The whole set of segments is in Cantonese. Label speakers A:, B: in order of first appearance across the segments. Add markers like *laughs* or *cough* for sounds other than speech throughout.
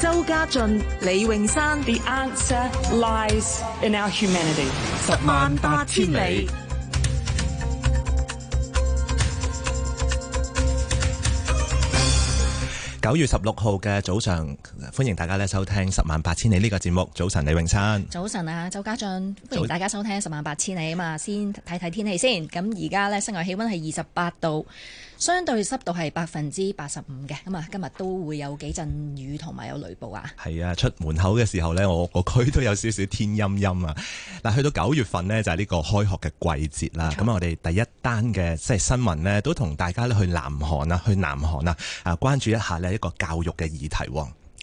A: 周家俊、李泳山，The answer lies in our humanity。
B: 十萬八千里。九月十六號嘅早上，歡迎大家收聽《十萬八千里》呢個節目。早晨，李泳山。
A: 早晨啊，周家俊。歡迎大家收聽《十萬八千里》啊嘛，先睇睇天氣先。咁而家呢室外氣溫係二十八度。相對濕度係百分之八十五嘅，咁啊今日都會有幾陣雨同埋有雷暴啊。
B: 係啊，出門口嘅時候呢，我個區都有少少天陰陰啊。嗱， *laughs* 去到九月份呢，就係呢個開學嘅季節啦。咁錯我哋第一單嘅即係新聞呢，都同大家呢去南韓啊，去南韓啊，啊關注一下呢一個教育嘅議題。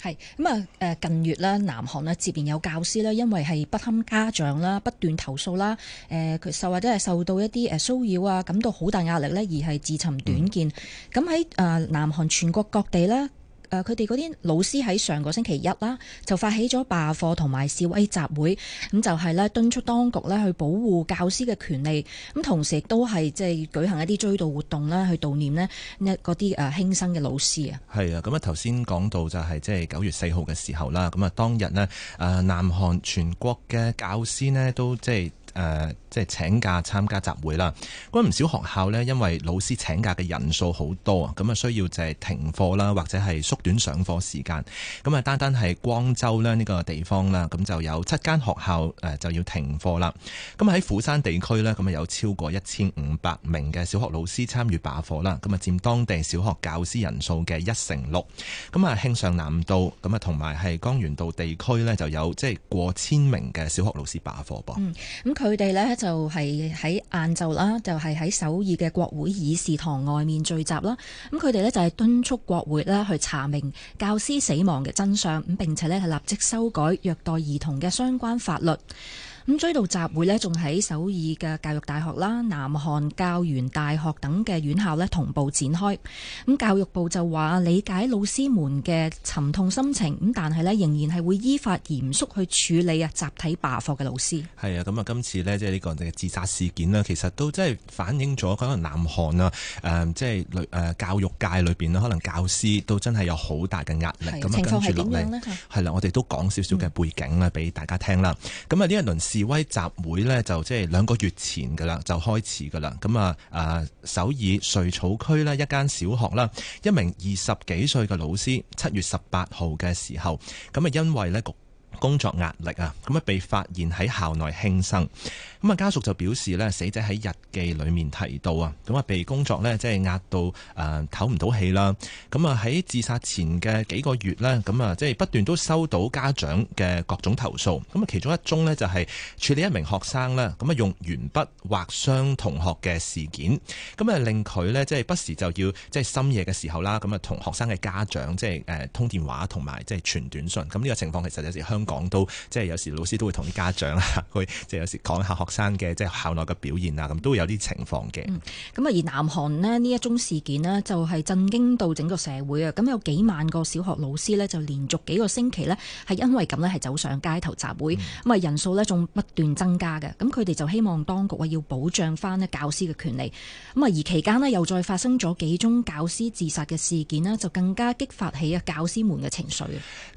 A: 係咁啊！誒近月咧，南韓咧接連有教師咧，因為係不堪家長啦、不斷投訴啦、誒佢受或者係受到一啲誒騷擾啊，感到好大壓力咧，而係自尋短見。咁喺、嗯、南韓全國各地咧誒，佢哋嗰啲老師喺上個星期一啦，就發起咗罷課同埋示威集會，咁就係、是、咧敦促當局咧去保護教師嘅權利，咁同時亦都係即係舉行一啲追悼活動啦，去悼念呢一嗰啲誒輕生嘅老師啊。
B: 係啊，咁啊頭先講到就係即係九月四號嘅時候啦，咁啊當日呢，誒南韓全國嘅教師呢、就是，都即係。誒，即係、呃就是、請假參加集會啦。咁唔少學校呢，因為老師請假嘅人數好多啊，咁啊需要就係停課啦，或者係縮短上課時間。咁啊，單單係光州呢個地方啦，咁就有七間學校就要停課啦。咁喺釜山地區呢，咁啊有超過一千五百名嘅小學老師參與罷課啦。咁啊佔當地小學教師人數嘅一成六。咁啊，慶尚南道咁啊同埋係江原道地區呢，就有即係過千名嘅小學老師罷課噃。嗯
A: 佢哋呢就係喺晏晝啦，就係喺首爾嘅國會議事堂外面聚集啦。咁佢哋呢就係敦促國會啦去查明教師死亡嘅真相，並且呢係立即修改虐待兒童嘅相關法律。咁追悼集會呢，仲喺首爾嘅教育大學啦、南韓教員大學等嘅院校呢同步展開。咁教育部就話理解老師們嘅沉痛心情，咁但係呢，仍然係會依法嚴肅去處理啊集體罷課嘅老師。
B: 係啊，咁啊，今次呢，即係呢個嘅自殺事件啦，其實都真係反映咗可能南韓啊，即係教育界裏面，呢，可能教師都真係有好大嘅壓力。咁啊，情況係點樣呢？係啦，我哋都講少少嘅背景啦，俾大家聽啦。咁啊，呢一輪示威集會呢，就即係兩個月前噶啦，就開始噶啦。咁啊，啊首爾瑞草區呢，一間小學啦，一名二十幾歲嘅老師，七月十八號嘅時候，咁啊因為呢。局。工作壓力啊，咁啊被發現喺校內輕生，咁啊家屬就表示咧，死者喺日記裡面提到啊，咁啊被工作咧即係壓到誒唞唔到氣啦，咁啊喺自殺前嘅幾個月咧，咁啊即係不斷都收到家長嘅各種投訴，咁啊其中一宗呢，就係處理一名學生啦。咁啊用鉛筆劃傷同學嘅事件，咁啊令佢咧即係不時就要即係深夜嘅時候啦，咁啊同學生嘅家長即係誒通電話同埋即係傳短信，咁、這、呢個情況其實有時香。講到即係有時老師都會同啲家長啊，去即係有時講下學生嘅即係校內嘅表現啊，咁都會有啲情況嘅。咁
A: 啊、嗯，而南韓呢，呢一宗事件呢，就係震驚到整個社會啊。咁有幾萬個小學老師呢，就連續幾個星期呢，係因為咁呢，係走上街頭集會，咁啊、嗯、人數呢仲不斷增加嘅。咁佢哋就希望當局啊要保障翻呢教師嘅權利。咁啊而期間呢，又再發生咗幾宗教師自殺嘅事件呢，就更加激發起啊教師們嘅情緒。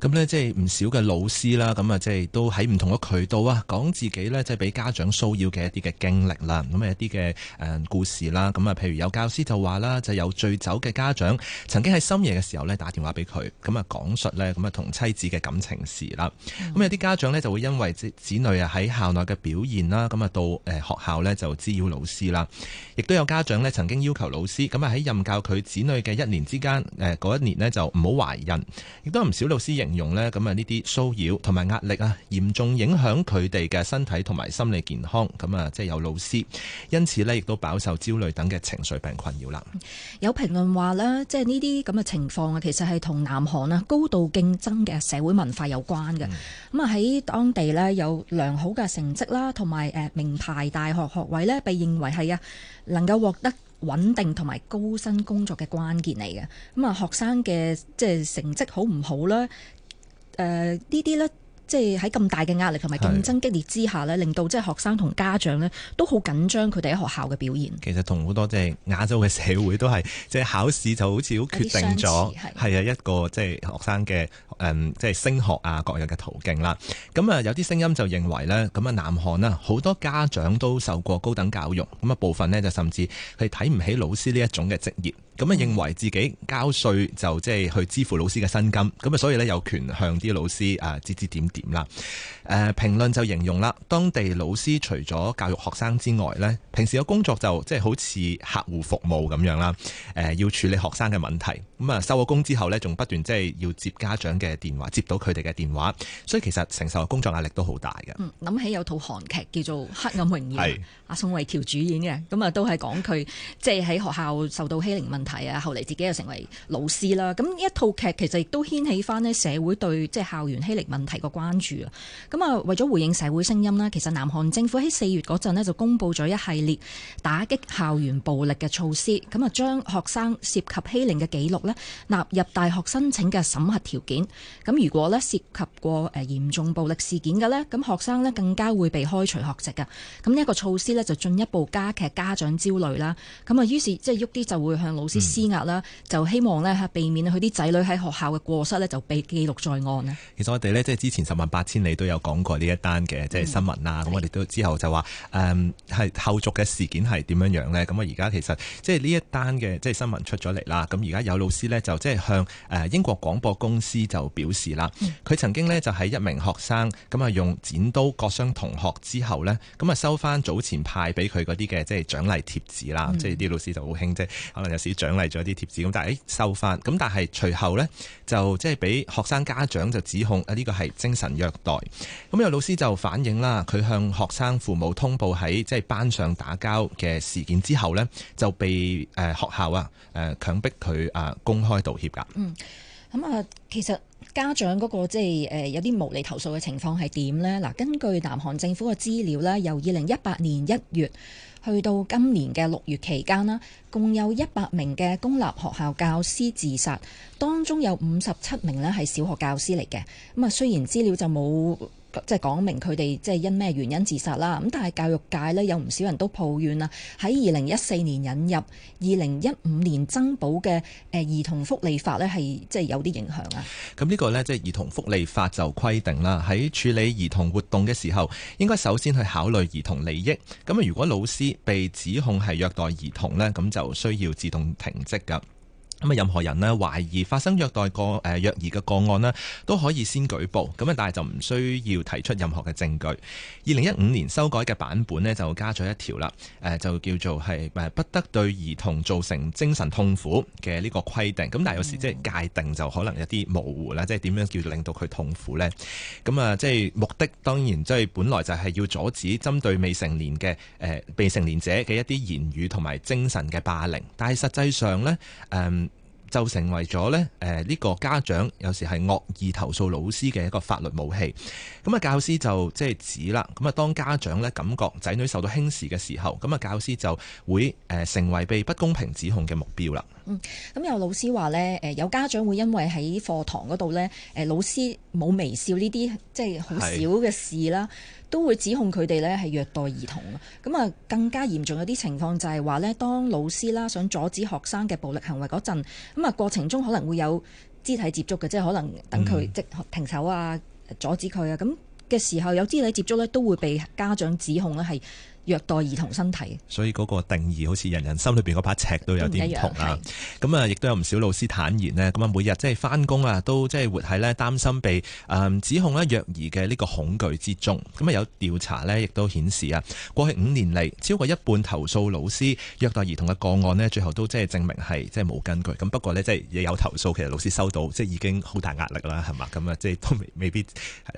B: 咁呢、嗯，即係唔少嘅老師啦，咁啊，即係都喺唔同嘅渠道啊，講自己呢，即係俾家長騷擾嘅一啲嘅經歷啦，咁啊一啲嘅誒故事啦，咁啊，譬如有教師就話啦，就有醉酒嘅家長曾經喺深夜嘅時候呢，打電話俾佢，咁啊講述呢，咁啊同妻子嘅感情事啦，咁、嗯、有啲家長呢，就會因為子女啊喺校內嘅表現啦，咁啊到誒學校呢，就滋擾老師啦，亦都有家長呢，曾經要求老師，咁啊喺任教佢子女嘅一年之間，誒嗰一年呢，就唔好懷孕，亦都唔少老師形容呢，咁啊呢啲騷擾。同埋壓力啊，嚴重影響佢哋嘅身體同埋心理健康。咁啊，即係有老師，因此呢亦都飽受焦慮等嘅情緒病困擾啦。
A: 有評論話呢，即係呢啲咁嘅情況啊，其實係同南韓啊高度競爭嘅社會文化有關嘅。咁啊，嗯，喺當地呢，有良好嘅成績啦，同埋誒名牌大學學位呢，被認為係啊能夠獲得穩定同埋高薪工作嘅關鍵嚟嘅。咁啊，學生嘅即係成績好唔好啦？誒呢啲呢。即係喺咁大嘅壓力同埋競爭激烈之下咧，令到即係學生同家長咧都好緊張，佢哋喺學校嘅表現
B: 其實同好多即係亞洲嘅社會都係即係考試就好似好決定咗係啊一個即係學生嘅誒即係升學啊各樣嘅途徑啦。咁啊，有啲聲音就認為咧咁啊，南韓啦，好多家長都受過高等教育，咁啊部分咧就甚至係睇唔起老師呢一種嘅職業。咁啊，認為自己交稅就即係去支付老師嘅薪金，咁啊，所以咧有權向啲老師啊指指點點啦。誒，評論就形容啦，當地老師除咗教育學生之外咧，平時嘅工作就即係好似客戶服務咁樣啦。誒，要處理學生嘅問題。咁啊，收咗工之後呢仲不斷即係要接家長嘅電話，接到佢哋嘅電話，所以其實承受嘅工作壓力都好大嘅。
A: 嗯，諗起有套韓劇叫做《黑暗榮耀》，阿是宋慧喬主演嘅，咁啊都係講佢即係喺學校受到欺凌問題啊，後嚟自己又成為老師啦。咁呢一套劇其實亦都掀起翻呢社會對即係校園欺凌問題個關注啊。咁啊，為咗回應社會聲音啦，其實南韓政府喺四月嗰陣呢就公布咗一系列打擊校園暴力嘅措施，咁啊將學生涉及欺凌嘅記錄納入大學申請嘅審核條件，咁如果咧涉及過誒嚴重暴力事件嘅咧，咁學生咧更加會被開除學籍噶。咁呢一個措施咧就進一步加劇家長焦慮啦。咁啊，於是即係喐啲就會向老師施壓啦，嗯、就希望咧避免佢啲仔女喺學校嘅過失咧就被記錄在案咧。
B: 其實我哋咧即係之前十萬八千里都有講過呢一單嘅即係新聞啦。咁、嗯、我哋都之後就話誒係後續嘅事件係點樣樣呢？咁啊而家其實即係呢一單嘅即係新聞出咗嚟啦。咁而家有老師。之咧就即係向誒英國廣播公司就表示啦，佢曾經呢，就係一名學生咁啊用剪刀割傷同學之後呢，咁啊收翻早前派俾佢嗰啲嘅即係獎勵貼紙啦，即係啲老師就好興即係可能有時獎勵咗啲貼紙，咁但係收翻，咁但係隨後呢，就即係俾學生家長就指控啊呢個係精神虐待，咁有老師就反映啦，佢向學生父母通報喺即係班上打交嘅事件之後呢，就被誒學校啊誒強迫佢啊。公開道歉噶。
A: 嗯，咁啊，其實家長嗰、那個即係誒，就是、有啲無理投訴嘅情況係點呢？嗱，根據南韓政府嘅資料咧，由二零一八年一月去到今年嘅六月期間啦，共有一百名嘅公立學校教師自殺，當中有五十七名呢係小學教師嚟嘅。咁啊，雖然資料就冇。即係講明佢哋即係因咩原因自殺啦。咁但係教育界呢，有唔少人都抱怨啦。喺二零一四年引入二零一五年增補嘅誒兒童福利法呢，係即係有啲影響啊。
B: 咁呢個呢，即係兒童福利法就規定啦，喺處理兒童活動嘅時候，應該首先去考慮兒童利益。咁啊，如果老師被指控係虐待兒童呢，咁就需要自動停職噶。咁啊，任何人呢，懷疑發生虐待個誒虐兒嘅個案呢，都可以先舉報。咁啊，但係就唔需要提出任何嘅證據。二零一五年修改嘅版本呢，就加咗一條啦。誒、呃，就叫做係不得對兒童造成精神痛苦嘅呢個規定。咁但係有時即係界定就可能有啲模糊啦。即係點樣叫做令到佢痛苦呢？咁啊，即係目的當然即係本來就係要阻止針對未成年嘅誒、呃、未成年者嘅一啲言語同埋精神嘅霸凌。但係實際上呢，誒、嗯。就成為咗咧，誒呢個家長有時係惡意投訴老師嘅一個法律武器。咁啊，教師就即係指啦。咁啊，當家長咧感覺仔女受到輕視嘅時候，咁啊，教師就會誒成為被不公平指控嘅目標啦。
A: 嗯，咁有老師話咧，誒有家長會因為喺課堂嗰度咧，誒老師冇微笑呢啲，即係好少嘅事啦，都會指控佢哋咧係虐待兒童啊！咁啊，更加嚴重有啲情況就係話咧，當老師啦想阻止學生嘅暴力行為嗰陣，咁啊過程中可能會有肢體接觸嘅，即係可能等佢即停手啊，阻止佢啊，咁嘅、嗯、時候有肢體接觸咧，都會被家長指控咧係虐待兒童身體，
B: 所以嗰個定義好似人人心裏邊嗰把尺都有啲唔同啊。咁啊，亦都有唔少老師坦言呢，咁啊，每日即係返工啊，都即係活喺呢，擔心被誒指控呢虐兒嘅呢個恐懼之中。咁啊，有調查呢，亦都顯示啊，過去五年嚟，超過一半投訴老師虐待兒童嘅個案呢，最後都即係證明係即係冇根據。咁不過呢，即係有投訴，其實老師收到即係已經好大壓力啦，係嘛？咁啊，即係都未未必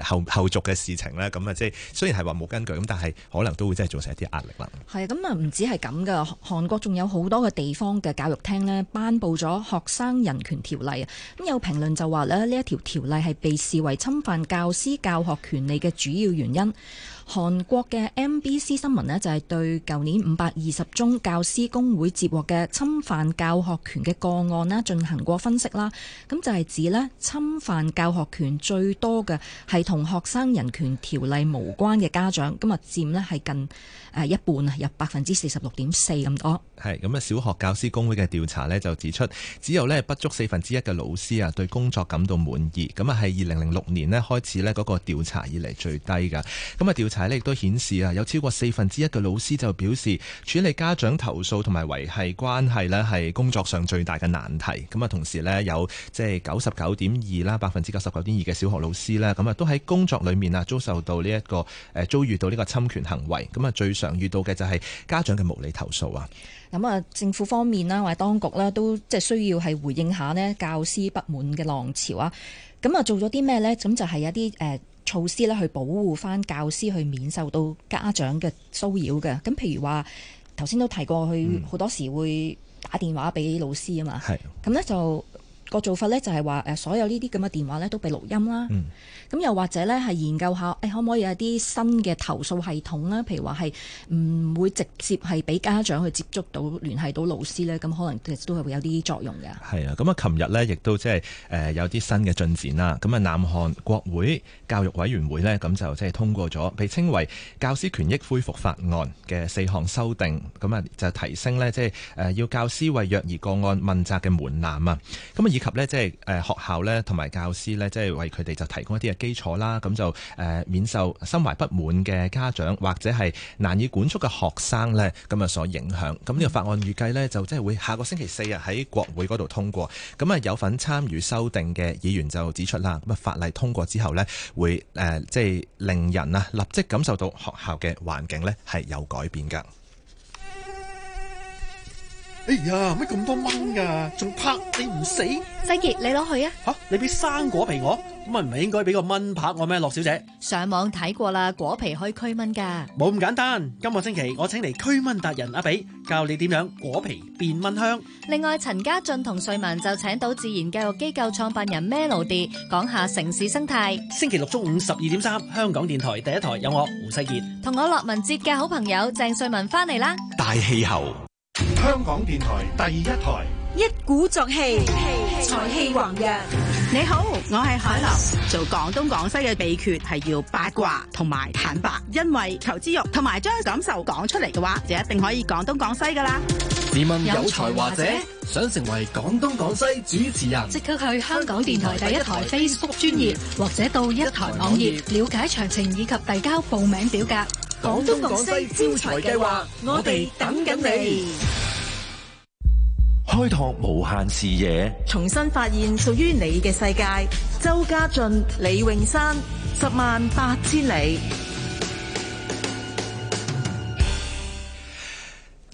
B: 後後續嘅事情咧。咁啊，即係雖然係話冇根據，咁但係可能都會即係造成。啲壓力啦，
A: 係啊，咁啊，唔止係咁噶，韓國仲有好多個地方嘅教育廳呢，頒布咗學生人權條例啊，咁有評論就話咧，呢一條條例係被視為侵犯教師教學權利嘅主要原因。韓國嘅 MBC 新聞咧就係對舊年五百二十宗教師工會接獲嘅侵犯教學權嘅個案啦，進行過分析啦，咁就係指咧侵犯教學權最多嘅係同學生人權條例無關嘅家長，咁啊佔咧係近誒一半啊，有百分之四十六點四咁多。
B: 係咁啊，小學教師工會嘅調查咧就指出，只有咧不足四分之一嘅老師啊對工作感到滿意，咁啊係二零零六年咧開始咧嗰個調查以嚟最低㗎，咁啊調。睇亦都顯示啊，有超過四分之一嘅老師就表示處理家長投訴同埋維繫關係咧，係工作上最大嘅難題。咁啊，同時呢，有即係九十九點二啦，百分之九十九點二嘅小學老師咧，咁啊都喺工作裏面啊遭受到呢、這、一個誒遭遇到呢個侵權行為。咁啊，最常遇到嘅就係家長嘅無理投訴啊。
A: 咁啊，政府方面啦或者當局咧都即係需要係回應一下呢教師不滿嘅浪潮啊。咁啊，做咗啲咩呢？咁就係有啲誒。措施咧去保護翻教師去免受到家長嘅騷擾嘅，咁譬如話頭先都提過，佢好多時會打電話俾老師啊嘛，咁咧、嗯、就。個做法呢，就係話誒，所有呢啲咁嘅電話咧都被錄音啦。咁、嗯、又或者呢，係研究下誒，可唔可以有啲新嘅投訴系統啦？譬如話係唔會直接係俾家長去接觸到聯繫到老師呢，咁可能其實都係會有啲作用嘅。
B: 係啊，咁啊，琴日呢，亦都即係誒有啲新嘅進展啦。咁啊，南韓國會教育委員會呢，咁就即係通過咗被稱為教師權益恢復法案嘅四項修訂，咁啊就提升呢，即係誒要教師為虐兒個案問責嘅門檻啊。咁啊及咧，即係誒學校咧，同埋教師咧，即係為佢哋就提供一啲嘅基礎啦。咁就誒免受心懷不滿嘅家長或者係難以管束嘅學生咧，咁啊所影響。咁、這、呢個法案預計咧，就即係會下個星期四日喺國會嗰度通過。咁啊，有份參與修訂嘅議員就指出啦，咁啊法例通過之後咧，會誒即係令人啊立即感受到學校嘅環境咧係有改變㗎。哎呀，乜咁多蚊噶，仲拍你唔死？世杰，你攞去啊！吓，你俾生果皮我，咁啊唔係應該俾個蚊拍我咩？樂小姐，
A: 上網睇過啦，果皮可以驅蚊噶，
B: 冇咁簡單。今個星期我請嚟驅蚊達人阿比，教你點樣果皮變蚊香。
A: 另外，陳家俊同瑞文就請到自然教育機構創辦人咩 Melody，講下城市生態。
B: 星期六中午十二點三，香港電台第一台有我胡世杰，
A: 同我樂文哲嘅好朋友鄭瑞文翻嚟啦。
B: 大氣候。香港電台第一台
A: 一鼓作氣，財氣王日。你好，我係海樓，Hi. 做廣東廣西嘅秘訣係要八卦同埋坦白，因為求知欲同埋將感受講出嚟嘅話，就一定可以廣東廣西噶啦。
B: 你問有才華者想成為廣東廣西主持人，即
A: 刻去香港電台第一台 Facebook 專頁或者到一台網頁了解詳情以及遞交報名表格。廣東廣西招才計劃，我哋等緊你。
B: 開拓無限視野，
A: 重新發現屬於你嘅世界。周家俊、李泳山，十萬八千里。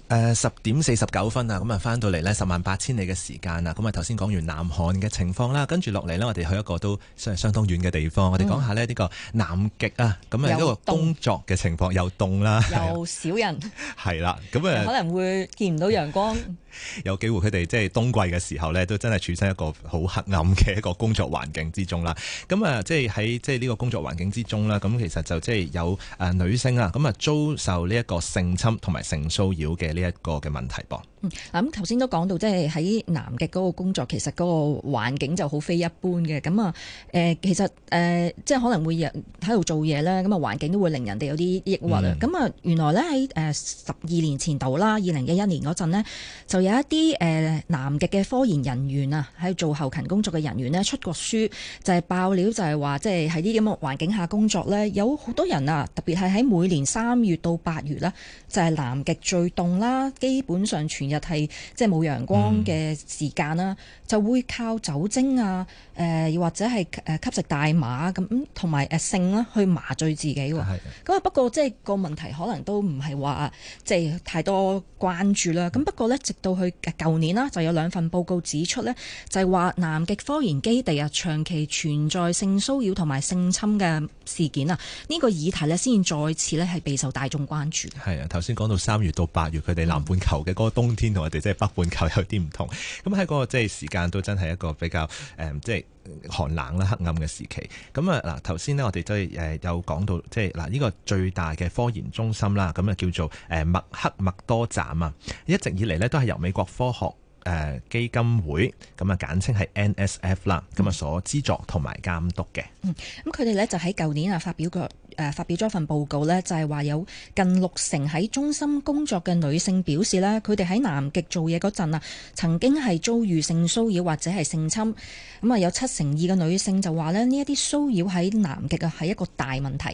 B: 誒、呃，十點四十九分啊！咁啊，翻到嚟呢？十萬八千里嘅時間啊！咁啊，頭先講完南韓嘅情況啦，跟住落嚟呢，我哋去一個都相相當遠嘅地方。我哋講下咧呢個南極啊，咁啊一個工作嘅情況又凍啦，又少人，係啦，咁啊可能
A: 會見唔到陽光。 *laughs*
B: 有機會佢哋即係冬季嘅時候咧，都真係處身一個好黑暗嘅一個工作環境之中啦。咁、嗯、啊，即係喺即係呢個工作環境之中啦，咁其實就即係有誒女性啊，咁啊遭受呢一個性侵同埋性騷擾嘅呢一個嘅問題噃。
A: 嗯，嗱咁頭先都講到，即係喺南極嗰個工作，其實個嗰環境就好非一般嘅。咁啊，誒、呃、其實誒、呃、即係可能會喺度做嘢咧，咁啊環境都會令人哋有啲抑鬱啊。咁啊、嗯，原來咧喺十二年前度啦，二零一一年嗰陣咧，就有一啲誒、呃、南極嘅科研人員啊，喺度做後勤工作嘅人員咧出過書，就係、是、爆料就，就係話即係喺啲咁嘅環境下工作咧，有好多人啊，特別係喺每年三月到八月啦，就係、是、南極最凍啦，基本上全。日係即係冇陽光嘅時間啦，嗯、就會靠酒精啊，誒、呃、又或者係誒吸食大麻咁，同埋誒性啦，去麻醉自己係咁啊，嗯、不過即係個問題可能都唔係話即係太多關注啦。咁不過咧，直到去舊年啦，就有兩份報告指出咧，就係話南極科研基地啊，長期存在性騷擾同埋性侵嘅事件啊，呢、呢個議題咧，先至再次咧係備受大眾關注。
B: 係啊、嗯，頭先講到三月到八月，佢哋南半球嘅嗰個冬。天同我哋即係北半球有啲唔同，咁喺個即係時間都真係一個比較誒，即係寒冷啦，黑暗嘅時期。咁啊嗱，頭先呢，我哋都係誒有講到，即係嗱呢個最大嘅科研中心啦，咁啊叫做誒麥克默多站啊，一直以嚟，呢，都係由美國科學誒基金會，咁啊簡稱係 NSF 啦，咁啊所資助同埋監督嘅。
A: 嗯，咁佢哋咧就喺舊年啊發表過。誒發表咗份報告呢，就係話有近六成喺中心工作嘅女性表示呢，佢哋喺南極做嘢嗰陣啊，曾經係遭遇性騷擾或者係性侵。咁啊，有七成二嘅女性就話呢一啲騷擾喺南極啊係一個大問題。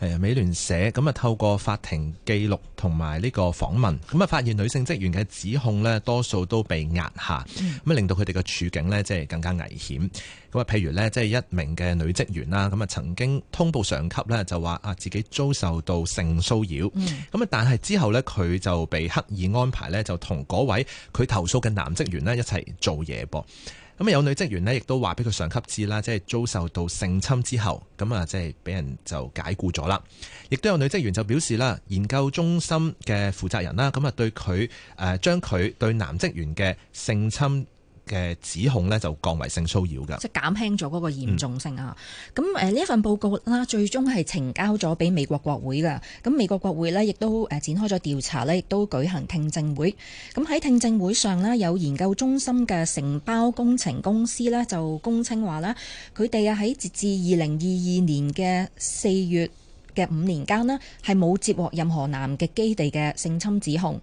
B: 係啊，美聯社咁啊，透過法庭記錄同埋呢個訪問，咁啊發現女性職員嘅指控呢多數都被壓下，咁啊令到佢哋嘅處境呢即係更加危險。咁啊，譬如呢，即係一名嘅女職員啦，咁啊曾經通報上級呢。就。話啊，自己遭受到性騷擾，咁啊，但係之後呢，佢就被刻意安排呢，就同嗰位佢投訴嘅男職員呢一齊做嘢噃。咁啊，有女職員呢，亦都話俾佢上級知啦，即係遭受到性侵之後，咁啊，即係俾人就解雇咗啦。亦都有女職員就表示啦，研究中心嘅負責人啦，咁啊，對佢誒，將佢對男職員嘅性侵嘅指控呢就降為性騷擾㗎，即係
A: 減輕咗嗰個嚴重性啊！咁誒呢一份報告啦，最終係呈交咗俾美國國會㗎。咁美國國會呢，亦都誒展開咗調查，呢亦都舉行聽證會。咁喺聽證會上呢，有研究中心嘅承包工程公司呢，就公稱話咧，佢哋啊喺截至二零二二年嘅四月嘅五年間啦，係冇接獲任何南極基地嘅性侵指控。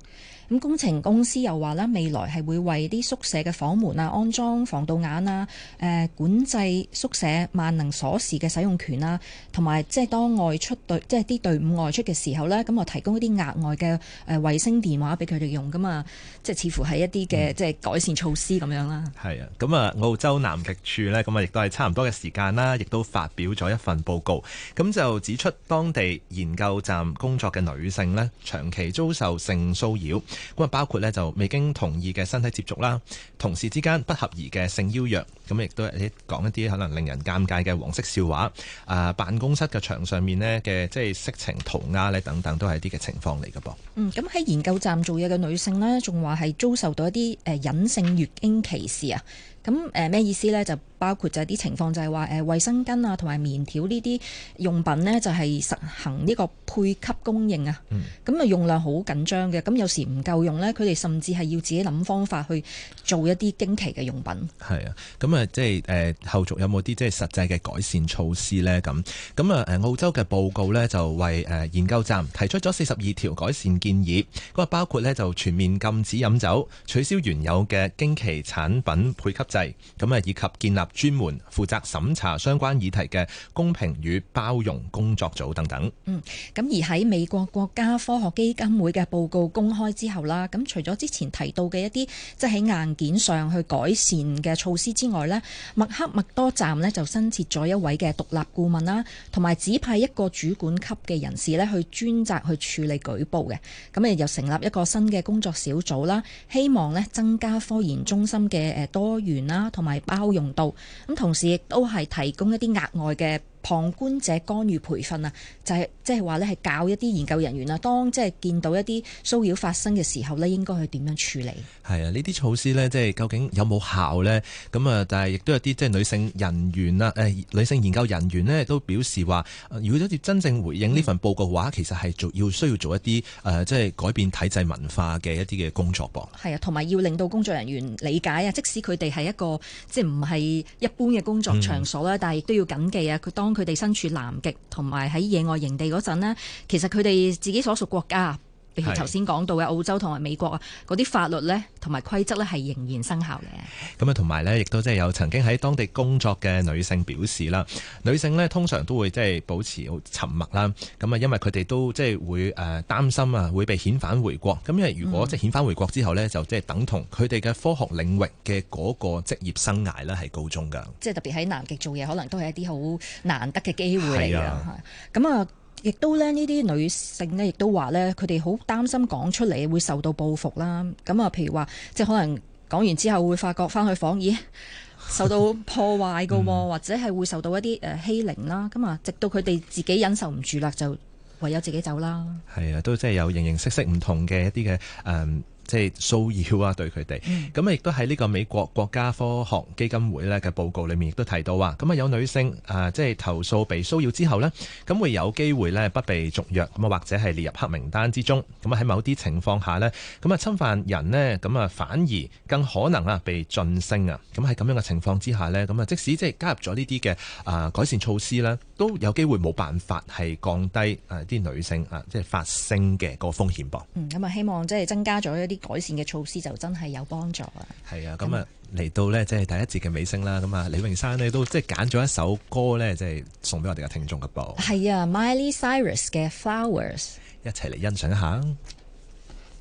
A: 咁工程公司又話啦，未來係會為啲宿舍嘅房門啊，安裝防盜眼啊、呃，管制宿舍萬能鎖匙嘅使用權啦，同埋即係當外出隊即係啲隊伍外出嘅時候咧，咁我提供一啲額外嘅衛星電話俾佢哋用噶嘛，即、就、係、是、似乎係一啲嘅即係改善措施咁樣啦。
B: 係、嗯、啊，咁啊澳洲南極處呢，咁啊亦都係差唔多嘅時間啦，亦都發表咗一份報告，咁就指出當地研究站工作嘅女性呢，長期遭受性騷擾。咁啊，包括咧就未經同意嘅身體接觸啦，同事之間不合宜嘅性邀約，咁亦都係啲講一啲可能令人尷尬嘅黃色笑話啊，辦公室嘅牆上面咧嘅即係色情塗鴉咧，等等都係一啲嘅情況嚟嘅
A: 噃。嗯，咁喺研究站做嘢嘅女性呢，仲話係遭受到一啲誒隱性月經歧視啊。咁誒咩意思呢？就包括就係啲情況，就係話誒衛生巾啊，同埋棉條呢啲用品呢，就係實行呢個配給供應啊。咁啊、嗯、用量好緊張嘅，咁有時唔夠用呢，佢哋甚至係要自己諗方法去做一啲經期嘅用品。
B: 係啊，咁啊即係誒後續有冇啲即係實際嘅改善措施呢？咁咁啊澳洲嘅報告呢，就為研究站提出咗四十二條改善建議，嗰個包括呢就全面禁止飲酒，取消原有嘅經期產品配給。制。咁啊，以及建立專門負責審查相關議題嘅公平與包容工作組等等。嗯，
A: 咁而喺美國國家科學基金會嘅報告公開之後啦，咁除咗之前提到嘅一啲即係喺硬件上去改善嘅措施之外呢，麥克默多站呢就新設咗一位嘅獨立顧問啦，同埋指派一個主管級嘅人士呢去專責去處理舉報嘅。咁啊，又成立一個新嘅工作小組啦，希望呢增加科研中心嘅誒多元。同埋包容度，咁同時亦都係提供一啲額外嘅旁觀者干預培訓啊，就係即係話呢，係教一啲研究人員啊，當即係見到一啲騷擾發生嘅時候呢，應該去點樣處理？
B: 係啊，呢啲措施呢，即係究竟有冇效呢？咁啊，但係亦都有啲即係女性人員啊，誒、呃、女性研究人員呢，都表示話，如果要真正回應呢份報告嘅話，嗯、其實係做要需要做一啲誒，即係改變體制文化嘅一啲嘅工作噃。
A: 係啊，同埋要令到工作人員理解啊，即使佢哋係一個即係唔係一般嘅工作場所啦，嗯、但係亦都要緊記啊，佢當佢哋身處南極，同埋喺野外營地嗰陣咧，其實佢哋自己所屬國家，譬如頭先講到嘅澳洲同埋美國啊，嗰啲法律咧同埋規則咧係仍然生效嘅。
B: 咁啊，同埋咧，亦都即係有曾經喺當地工作嘅女性表示啦。女性咧通常都會即係保持沉默啦。咁啊，因為佢哋都即係會誒擔心啊，會被遣返回國。咁因為如果即係遣返回國之後咧，嗯、就即係等同佢哋嘅科學領域嘅嗰個職業生涯咧係告終㗎。即
A: 係特別喺南極做嘢，可能都係一啲好難得嘅機會嚟㗎。咁啊。亦都咧，呢啲女性呢，亦都話呢，佢哋好擔心講出嚟會受到報復啦。咁啊，譬如話，即係可能講完之後會發覺翻去房，咦，受到破壞㗎，喔， *laughs* 嗯、或者係會受到一啲誒、呃、欺凌啦。咁啊，直到佢哋自己忍受唔住啦，就唯有自己走啦。
B: 係啊，都即係有形形色色唔同嘅一啲嘅即係騷擾啊，對佢哋咁啊，亦都喺呢個美國國家科學基金會呢嘅報告裏面，亦都提到啊。咁啊，有女性啊，即係投訴被騷擾之後呢，咁會有機會呢，不被續約，咁啊或者係列入黑名單之中。咁啊喺某啲情況下呢，咁啊侵犯人呢，咁啊反而更可能啊被晉升啊。咁喺咁樣嘅情況之下呢，咁啊即使即係加入咗呢啲嘅啊改善措施咧，都有機會冇辦法係降低啊啲女性啊即係發聲嘅個風險噃。
A: 咁啊、嗯、希望即係增加咗一啲。改善嘅措施就真係有幫助係啊！係啊，咁啊
B: 嚟到咧即係第一節嘅尾聲啦，咁啊李榮山咧都即係揀咗一首歌咧即係送俾我哋嘅聽眾嘅噃。
A: 係啊，Miley Cyrus 嘅 Flowers，
B: 一齊嚟欣賞一下。